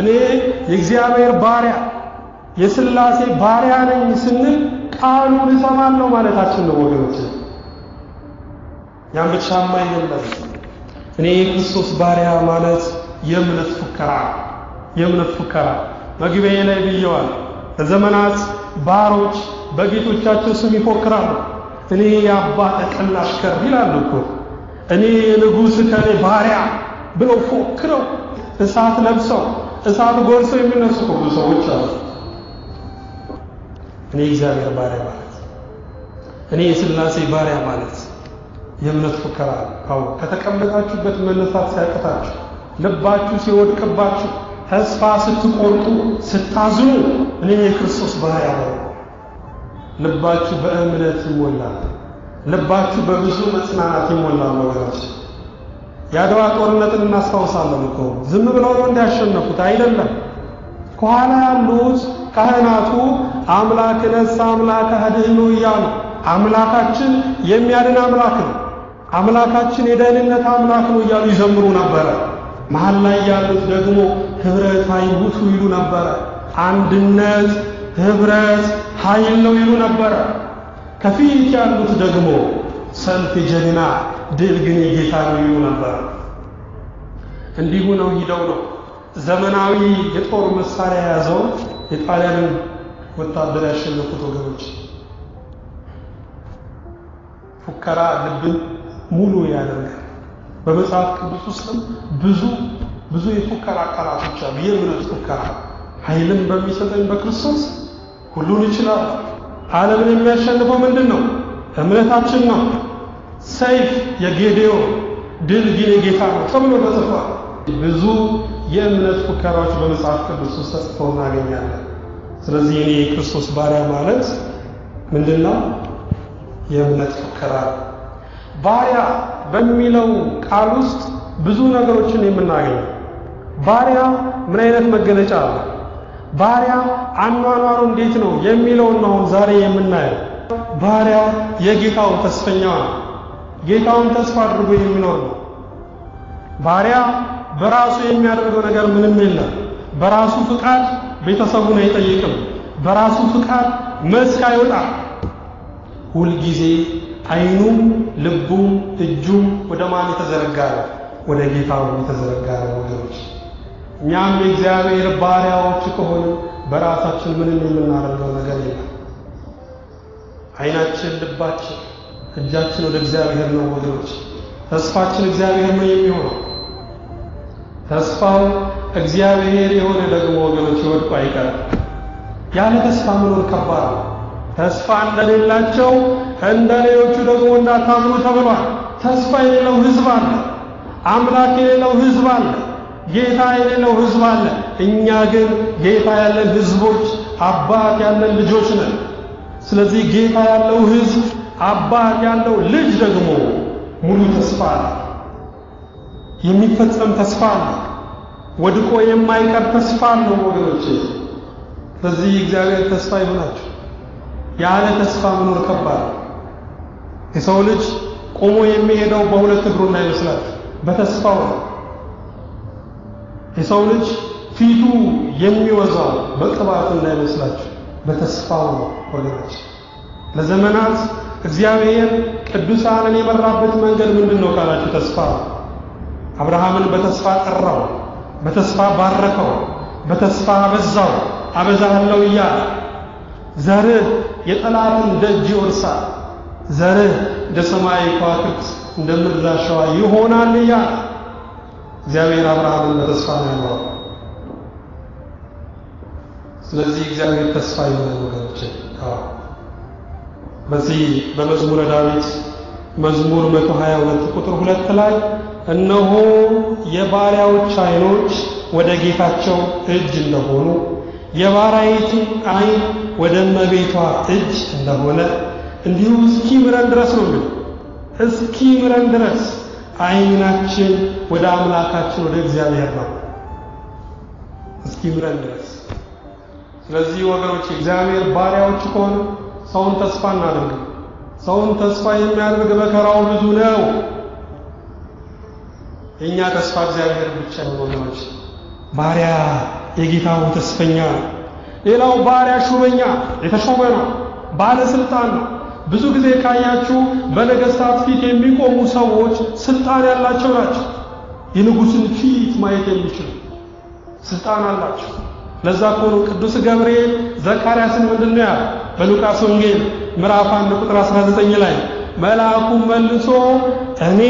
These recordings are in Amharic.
እኔ የእግዚአብሔር ባሪያ የስላሴ ባሪያ ነኝ ስንል ቃሉን እሰማለሁ ማለታችን ነው ወገኖች። ያን ብቻማ አይደለም። እኔ የክርስቶስ ባሪያ ማለት የእምነት ፉከራ የእምነት ፉከራ መግቢያዬ ላይ ብየዋል። ለዘመናት ባሮች በጌቶቻቸው ስም ይፎክራሉ። እኔ የአባ ጠቀላ አሽከር ይላሉ እኮ እኔ የንጉሥ ከኔ ባሪያ ብለው ፎክረው እሳት ለብሰው እሳት ጎርሰው የሚነሱ ሁሉ ሰዎች አሉ። እኔ እግዚአብሔር ባሪያ ማለት እኔ የስላሴ ባሪያ ማለት የእምነት ፉከራ ካው ከተቀመጣችሁበት መነሳት ሲያቅታችሁ፣ ልባችሁ ሲወድቅባችሁ፣ ተስፋ ስትቆርጡ፣ ስታዝኑ እኔ የክርስቶስ ባሪያ ነው። ልባችሁ በእምነት ይሞላል። ልባችሁ በብዙ መጽናናት ይሞላል ወገኖች። የአድዋ ጦርነትን እናስታውሳለን እኮ ዝም ብለው ነው እንዲያሸነፉት አይደለም። ከኋላ ያሉት ካህናቱ አምላክ ነሳ አምላክ አድህኑ እያሉ አምላካችን የሚያድን አምላክ ነው፣ አምላካችን የደህንነት አምላክ ነው እያሉ ይዘምሩ ነበረ። መሀል ላይ ያሉት ደግሞ ህብረት አይሁቱ ይሉ ነበረ። አንድነት ህብረት ኃይል ነው ይሉ ነበረ። ከፊት ያሉት ደግሞ ሰልፍ ጀግና ድል ግን የጌታ ነው ይሉ ነበር። እንዲሁ ነው ሂደው ነው ዘመናዊ የጦር መሳሪያ የያዘውን የጣሊያንን ወታደር ያሸነፉት ወገኖች። ፉከራ ልብን ሙሉ ያደርጋል። በመጽሐፍ ቅዱስ ውስጥም ብዙ ብዙ የፉከራ ቃላቶች አሉ። የእምነት ፉከራ ኃይልን በሚሰጠኝ በክርስቶስ ሁሉን ይችላል። ዓለምን የሚያሸንፈው ምንድን ነው? እምነታችን ነው። ሰይፍ የጌዴዎን ድል የጌታ ነው ተብሎ ተጽፏል። ብዙ የእምነት ፉከራዎች በመጽሐፍ ቅዱስ ውስጥ ተጽፈው እናገኛለን። ስለዚህ እኔ የክርስቶስ ባሪያ ማለት ምንድን ነው? የእምነት ፉከራ ነው። ባሪያ በሚለው ቃል ውስጥ ብዙ ነገሮችን የምናገኘው ባሪያ ምን አይነት መገለጫ አለ? ባሪያ አኗኗሩ እንዴት ነው የሚለውን ነው ዛሬ የምናየው። ባሪያ የጌታው ተስፈኛ ነው። ጌታውን ተስፋ አድርጎ የሚኖር ነው። ባሪያ በራሱ የሚያደርገው ነገር ምንም የለም። በራሱ ፍቃድ ቤተሰቡን አይጠይቅም። በራሱ ፍቃድ መስክ አይወጣ። ሁልጊዜ አይኑ፣ ልቡ፣ እጁ ወደ ማን የተዘረጋ ነው? ወደ ጌታው የተዘረጋ ነው። ወገኖች እኛም የእግዚአብሔር ባሪያዎች ከሆነ በራሳችን ምንም የምናደርገው ነገር የለም። አይናችን፣ ልባችን እጃችን ወደ እግዚአብሔር ነው ወገኖች። ተስፋችን እግዚአብሔር ነው የሚሆነው። ተስፋው እግዚአብሔር የሆነ ደግሞ ወገኖች ወድቆ አይቀርም። ያለ ተስፋ መኖር ከባድ ነው። ተስፋ እንደሌላቸው እንደ ሌሎቹ ደግሞ እንዳታምኑ ተብሏል። ተስፋ የሌለው ሕዝብ አለ። አምላክ የሌለው ሕዝብ አለ። ጌታ የሌለው ሕዝብ አለ። እኛ ግን ጌታ ያለን ሕዝቦች አባት ያለን ልጆች ነን። ስለዚህ ጌታ ያለው ሕዝብ አባት ያለው ልጅ ደግሞ ሙሉ ተስፋ የሚፈጸም ተስፋ ነው። ወድቆ የማይቀር ተስፋ ነው ወገኖች። በዚህ እግዚአብሔር ተስፋ ይሆናችሁ። ያለ ተስፋ መኖር ከባድ። የሰው ልጅ ቆሞ የሚሄደው በሁለት እግሩ ይመስላል በተስፋው ነው። የሰው ልጅ ፊቱ የሚወዛው በቅባት እንዳይመስላችሁ በተስፋው ነው ወገኖች ለዘመናት እግዚአብሔር ቅዱሳንን የመራበት መንገድ ምንድን ነው ካላችሁ፣ ተስፋ አብርሃምን በተስፋ ጠራው፣ በተስፋ ባረከው፣ በተስፋ አበዛው። አበዛሃለው እያለ ዘርህ የጠላትን ደጅ ይወርሳል፣ ዘርህ እንደ ሰማይ ከዋክብት እንደ ምድር አሸዋ ይሆናል እያለ እግዚአብሔር አብርሃምን በተስፋ ነው ያኖረው። ስለዚህ እግዚአብሔር ተስፋ ይሆናል ወገኖቼ። በዚህ በመዝሙረ ዳዊት መዝሙር 122 ቁጥር 2 ላይ እነሆ የባሪያዎች አይኖች ወደ ጌታቸው እጅ እንደሆኑ የባሪያይቱ አይን ወደ እመቤቷ እጅ እንደሆነ እንዲሁ እስኪ ምረን ድረስ ነው እንግዲህ እስኪ ምረን ድረስ አይናችን ወደ አምላካችን ወደ እግዚአብሔር ነው እስኪ ምረን ድረስ። ስለዚህ ወገኖች እግዚአብሔር ባሪያዎች ከሆነ ሰውን ተስፋ እናድርግ። ሰውን ተስፋ የሚያደርግ መከራው ብዙ ነው። የእኛ ተስፋ እግዚአብሔር ብቻ ነው። ወገኖች ባሪያ የጌታው ተስፈኛ ነው። ሌላው ባሪያ ሹመኛ የተሾመ ነው፣ ባለስልጣን ነው። ብዙ ጊዜ ካያችሁ በነገስታት ፊት የሚቆሙ ሰዎች ስልጣን ያላቸው ናቸው። የንጉስን ፊት ማየት የሚችሉ ስልጣን አላቸው። ለዛ እኮ ነው ቅዱስ ገብርኤል ዘካርያስን ምንድን ነው ያለው? በሉቃስ ወንጌል ምዕራፍ 1 ቁጥር 19 ላይ መልአኩም መልሶ እኔ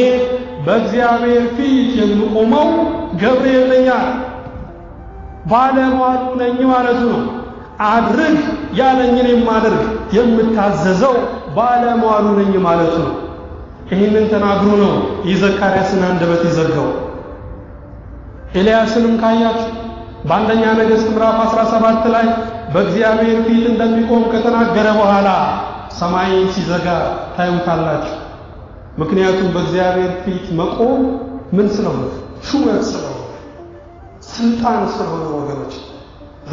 በእግዚአብሔር ፊት የምቆመው ገብርኤል ነኛ አለ። ነኝ ማለቱ ነው። አድርግ ያለኝን የማደርግ የምታዘዘው ባለሟሉ ነኝ ማለቱ ነው። ይህንን ተናግሮ ነው የዘካርያስን አንደበት የዘጋው። ኤልያስንም ካያችሁ በአንደኛ ነገሥት ምዕራፍ 17 ላይ በእግዚአብሔር ፊት እንደሚቆም ከተናገረ በኋላ ሰማይን ሲዘጋ ታዩታላችሁ። ምክንያቱም በእግዚአብሔር ፊት መቆም ምን ስለሆነ ሹመት ስለሆነ ስልጣን ስለሆነ ወገኖች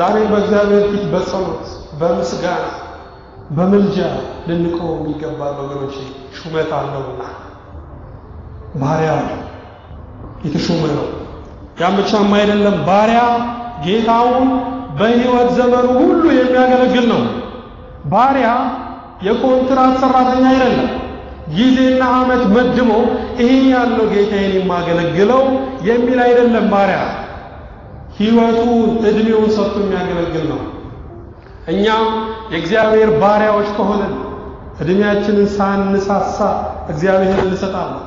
ዛሬ በእግዚአብሔር ፊት በጸሎት በምስጋና በምልጃ ልንቆም ይገባል ወገኖች ሹመት አለውና ባሪያ የተሾመ ነው ያም ብቻም አይደለም ባሪያ ጌታውን በህይወት ዘመኑ ሁሉ የሚያገለግል ነው። ባሪያ የኮንትራት ሰራተኛ አይደለም። ጊዜና አመት መድቦ ይሄን ያለው ጌታዬን የማገለግለው የሚል አይደለም። ባሪያ ህይወቱ እድሜውን ሰጥቶ የሚያገለግል ነው። እኛም የእግዚአብሔር ባሪያዎች ከሆነን እድሜያችንን ሳንሳሳ እግዚአብሔር እንሰጣለን።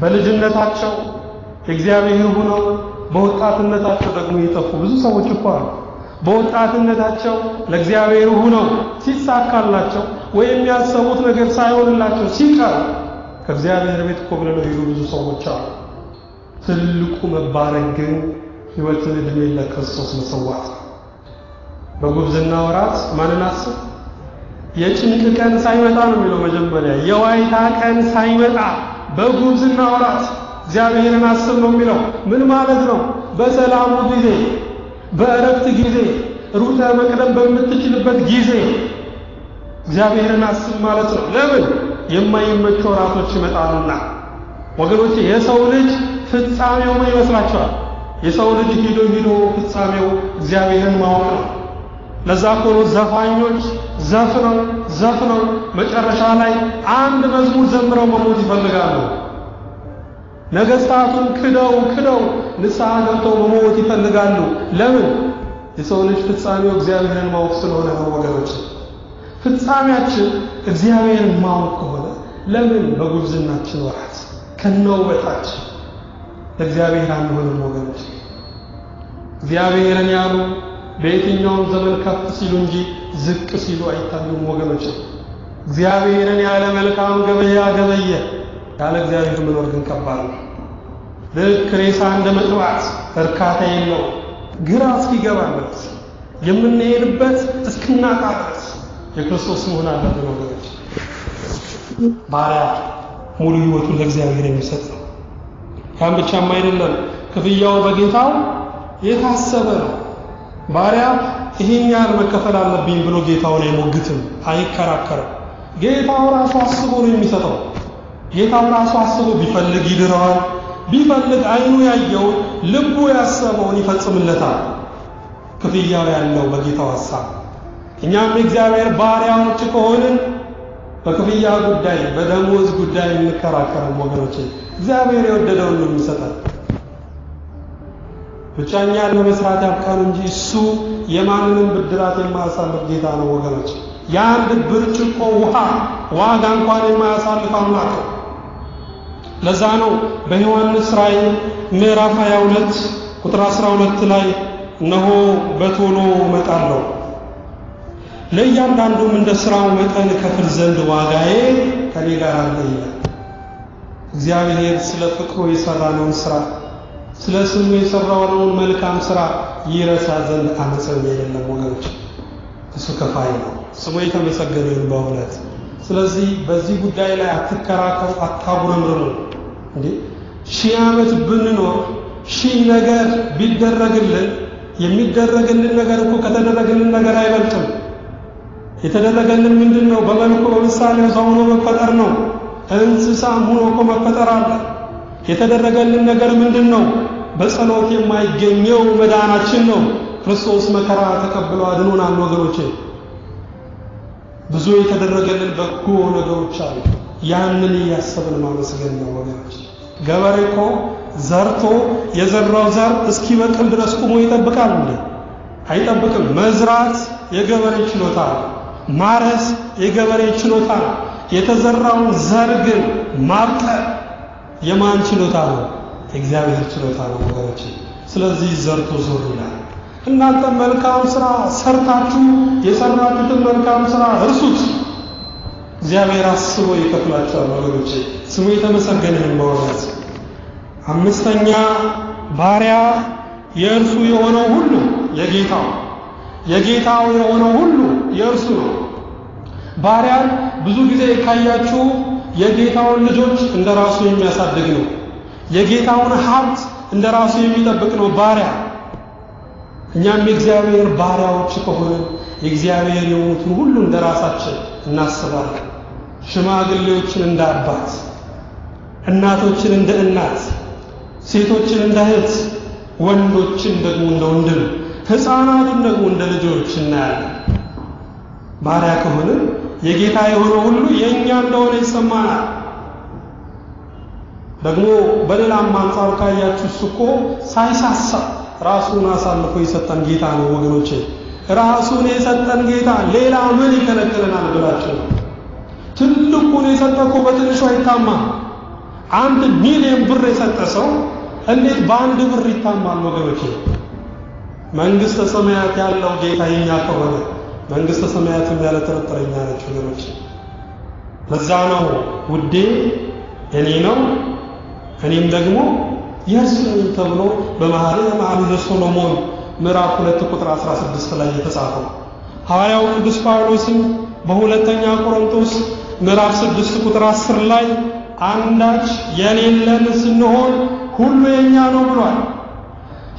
በልጅነታቸው የእግዚአብሔር ሆኖ በወጣትነታቸው ደግሞ የጠፉ ብዙ ሰዎች እኮ አሉ። በወጣትነታቸው ለእግዚአብሔር ሆኖ ሲሳካላቸው ወይም ያሰቡት ነገር ሳይሆንላቸው ሲቀር ከእግዚአብሔር ቤት እኮ ብለው ብዙ ሰዎች አሉ። ትልቁ መባረክ ግን ሕይወትን ዕድሜ ለክርስቶስ መሰዋት በጉብዝና ወራት ማንን አስብ? የጭንቅ ቀን ሳይመጣ ነው የሚለው መጀመሪያ። የዋይታ ቀን ሳይመጣ በጉብዝና ወራት እግዚአብሔርን አስብ ነው የሚለው ምን ማለት ነው? በሰላሙ ጊዜ፣ በእረፍት ጊዜ፣ ሩተ መቅደም በምትችልበት ጊዜ እግዚአብሔርን አስብ ማለት ነው። ለምን የማይመቹ ወራቶች ይመጣሉና። ወገኖች የሰው ልጅ ፍጻሜው ምን ይመስላችኋል? የሰው ልጅ ሂዶ ሂዶ ፍጻሜው እግዚአብሔርን ማወቅ ነው። ለዛ ኮሎ ዘፋኞች ዘፍነው ዘፍነው መጨረሻ ላይ አንድ መዝሙር ዘምረው መሞት ይፈልጋሉ። ነገስታቱን ክደው ክደው ንስሐ ገብተው መሞት ይፈልጋሉ። ለምን? የሰው ልጅ ፍጻሜው እግዚአብሔርን ማወቅ ስለሆነ ነው ወገኖች። ፍጻሜያችን እግዚአብሔርን ማወቅ ከሆነ ለምን በጉብዝናችን ወራት ከነውበታችን ለእግዚአብሔር አንሆንም ወገኖች? እግዚአብሔርን ያሉ በየትኛውም ዘመን ከፍ ሲሉ እንጂ ዝቅ ሲሉ አይታዩም ወገኖች። እግዚአብሔርን ያለ መልካም ገበያ ገበየ ያለ እግዚአብሔር መኖር ግን ከባድ ነው። ልክ ሬሳ እንደ መጥባት እርካታ የለው። ግራ እስኪገባበት የምንሄድበት እስክናጣ ድረስ የክርስቶስ መሆን አለብን ወገኖች። ባሪያ ሙሉ ሕይወቱን ለእግዚአብሔር የሚሰጥ ነው። ያን ብቻም አይደለም፣ ክፍያው በጌታው የታሰበ ነው። ባሪያ ይሄን ያህል መከፈል አለብኝ ብሎ ጌታውን አይሞግትም፣ አይከራከርም። ጌታው ራሱ አስቦ ነው የሚሰጠው። ጌታው ራሱ አስቦ ቢፈልግ ይድረዋል። ቢፈልግ አይኑ ያየውን ልቡ ያሰበውን ይፈጽምለታል። ክፍያው ያለው በጌታው ሐሳብ። እኛም እግዚአብሔር ባሪያዎች ከሆንን በክፍያ ጉዳይ፣ በደሞዝ ጉዳይ እንከራከርም ወገኖች እግዚአብሔር የወደደውን ነው የሚሰጠን። ብቻ እኛን ለመስራት ያብቃን እንጂ እሱ የማንንም ብድራት የማያሳልፍ ጌታ ነው ወገኖች። የአንድ ብርጭቆ ውሃ ዋጋ እንኳን የማያሳልፍ አምላክ ነው። ለዛ ነው በዮሐንስ ራእይ ምዕራፍ 22 ቁጥር 12 ላይ እነሆ በቶሎ እመጣለሁ ለእያንዳንዱም እንደ ሥራው መጠን ከፍል ዘንድ ዋጋዬ ከኔ ጋር አለ ይላል። እግዚአብሔር ስለ ፍቅሩ የሰራነውን ሥራ ስለ ስሙ የሰራነውን መልካም ሥራ ይረሳ ዘንድ አመፀኛ የለም ወገኖች፣ እሱ ከፋይ ነው። ስሙ የተመሰገነ ይሁን በእውነት። ስለዚህ በዚህ ጉዳይ ላይ አትከራከሩ፣ አታጉረምርሙ። እንዴ ሺህ ዓመት ብንኖር ሺህ ነገር ቢደረግልን የሚደረግልን ነገር እኮ ከተደረገልን ነገር አይበልጥም። የተደረገልን ምንድን ነው? በመልኩ በምሳሌ ሰው ሆኖ መፈጠር ነው። እንስሳም ሆኖ እኮ መፈጠር አለ። የተደረገልን ነገር ምንድን ነው? በጸሎት የማይገኘው መዳናችን ነው። ክርስቶስ መከራ ተቀብሎ አድኖናል። ወገኖቼ ብዙ የተደረገልን በጎ ነገሮች አሉ። ያንን እያሰብን ማመስገን ነው ወገኖች። ገበሬ እኮ ዘርቶ የዘራው ዘር እስኪበቅል ድረስ ቁሞ ይጠብቃል እንዴ? አይጠብቅም። መዝራት የገበሬ ችሎታ ነው። ማረስ የገበሬ ችሎታ ነው። የተዘራውን ዘር ግን ማብቀል የማን ችሎታ ነው? የእግዚአብሔር ችሎታ ነው ወገኖች። ስለዚህ ዘርቶ ዞር ይላል። እናንተ መልካም ስራ ሰርታችሁ የሰራችሁትን መልካም ስራ እርሱት። እግዚአብሔር አስቦ ይከፍላቸዋል ወገኖቼ ስሙ የተመሰገነን በእውነት አምስተኛ ባሪያ የእርሱ የሆነው ሁሉ የጌታው የጌታው የሆነው ሁሉ የእርሱ ነው ባሪያን ብዙ ጊዜ ካያችሁ የጌታውን ልጆች እንደ ራሱ የሚያሳድግ ነው የጌታውን ሀብት እንደ ራሱ የሚጠብቅ ነው ባሪያ እኛም የእግዚአብሔር ባሪያዎች ከሆነ የእግዚአብሔር የሆኑትን ሁሉ እንደ ራሳችን እናስባለን ሽማግሌዎችን እንደ አባት፣ እናቶችን እንደ እናት፣ ሴቶችን እንደ እህት፣ ወንዶችን ደግሞ እንደ ወንድም፣ ሕፃናትን ደግሞ እንደ ልጆች እናያለን። ባሪያ ከሆንም የጌታ የሆነ ሁሉ የእኛ እንደሆነ ይሰማናል። ደግሞ በሌላም አንጻር ካያችሁ እሱ እኮ ሳይሳሳ ራሱን አሳልፎ የሰጠን ጌታ ነው ወገኖቼ። ራሱን የሰጠን ጌታ ሌላ ምን ይከለክለናል ብላችሁ ነው ትልቁን የሰጠ እኮ በትንሹ አይታማ። አንድ ሚሊዮን ብር የሰጠ ሰው እንዴት በአንድ ብር ይታማል? ወገኖች፣ መንግስተ ሰማያት ያለው ጌታ የኛ ከሆነ መንግስተ ሰማያትም ያለ ጥርጥር የኛ ነች ለዛ ነው ውዴ እኔ ነው እኔም ደግሞ የእርሱ ነኝ ተብሎ በመኃልየ መኃልይ ሰሎሞን ምዕራፍ 2 ቁጥር 16 ላይ የተጻፈው ሐዋርያው ቅዱስ ጳውሎስም በሁለተኛ ቆሮንቶስ ምዕራፍ 6 ቁጥር 10 ላይ አንዳች የሌለን ስንሆን ሁሉ የኛ ነው ብሏል።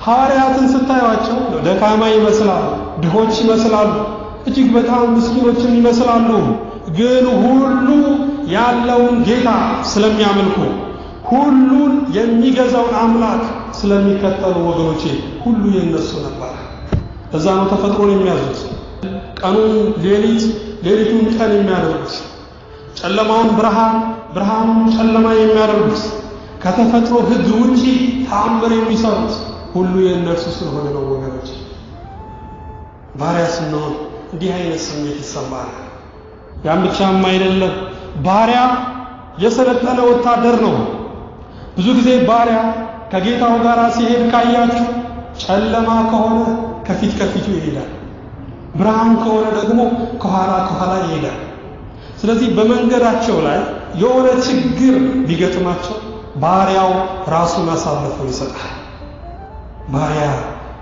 ሐዋርያትን ስታዩቸው ደካማ ይመስላሉ፣ ድሆች ይመስላሉ፣ እጅግ በጣም ምስኪኖችም ይመስላሉ። ግን ሁሉ ያለውን ጌታ ስለሚያመልኩ ሁሉን የሚገዛውን አምላክ ስለሚከተሉ ወገኖቼ ሁሉ የነሱ ነበር። እዛ ነው ተፈጥሮን የሚያዙት። ቀኑን ሌሊት ሌሊቱን ቀን የሚያደርጉት ጨለማውን ብርሃን ብርሃኑን ጨለማ የሚያደርጉት ከተፈጥሮ ህግ ውጪ ተአምር የሚሰሩት ሁሉ የእነርሱ ስለሆነ ነው ወገኖች ባሪያ ስንሆን እንዲህ አይነት ስሜት ይሰማል ያም ብቻም አይደለም ባሪያ የሰለጠነ ወታደር ነው ብዙ ጊዜ ባሪያ ከጌታው ጋር ሲሄድ ካያችሁ ጨለማ ከሆነ ከፊት ከፊቱ ይሄዳል ብርሃን ከሆነ ደግሞ ከኋላ ከኋላ ይሄዳል። ስለዚህ በመንገዳቸው ላይ የሆነ ችግር ቢገጥማቸው ባሪያው ራሱን አሳልፎ ይሰጣል። ባሪያ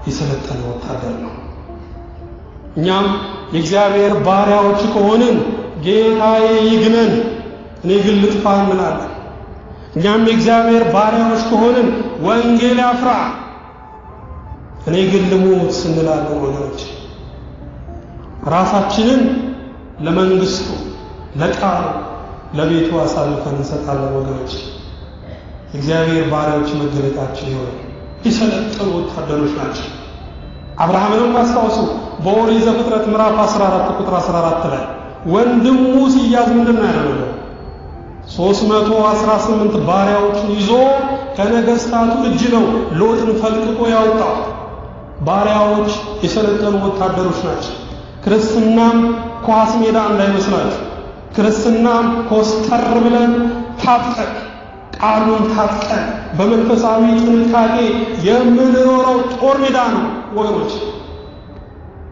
የሰለጠነ ወታደር ነው። እኛም የእግዚአብሔር ባሪያዎች ከሆንን ጌታዬ ይግነን፣ እኔ ግን ልጥፋ እንላለን። እኛም የእግዚአብሔር ባሪያዎች ከሆንን ወንጌል ያፍራ፣ እኔ ግን ልሙት እንላለን ወገኖች። ራሳችንን ለመንግስቱ ለቃሉ ለቤቱ አሳልፈን እንሰጣለን። ወገኖች እግዚአብሔር ባሪያዎች መገለጣችን ይሆን። የሰለጠኑ ወታደሮች ናቸው። አብርሃምንም አስታውሱ። በኦሪት ዘፍጥረት ምዕራፍ 14 ቁጥር 14 ላይ ወንድሙ ሲያዝ ምንድን ነው ያደረገው? 318 ባሪያዎችን ይዞ ከነገስታቱ እጅ ነው ሎጥን ፈልቅቆ ያወጣው። ባሪያዎች የሰለጠኑ ወታደሮች ናቸው። ክርስትናም ኳስ ሜዳ እንዳይመስላችሁ። ክርስትናም ኮስተር ብለን ታጥቀን ቃሉን ታጥቀን በመንፈሳዊ ጥንቃቄ የምንኖረው ጦር ሜዳ ነው ወገኖች።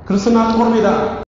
ክርስትና ጦር ሜዳ ነው።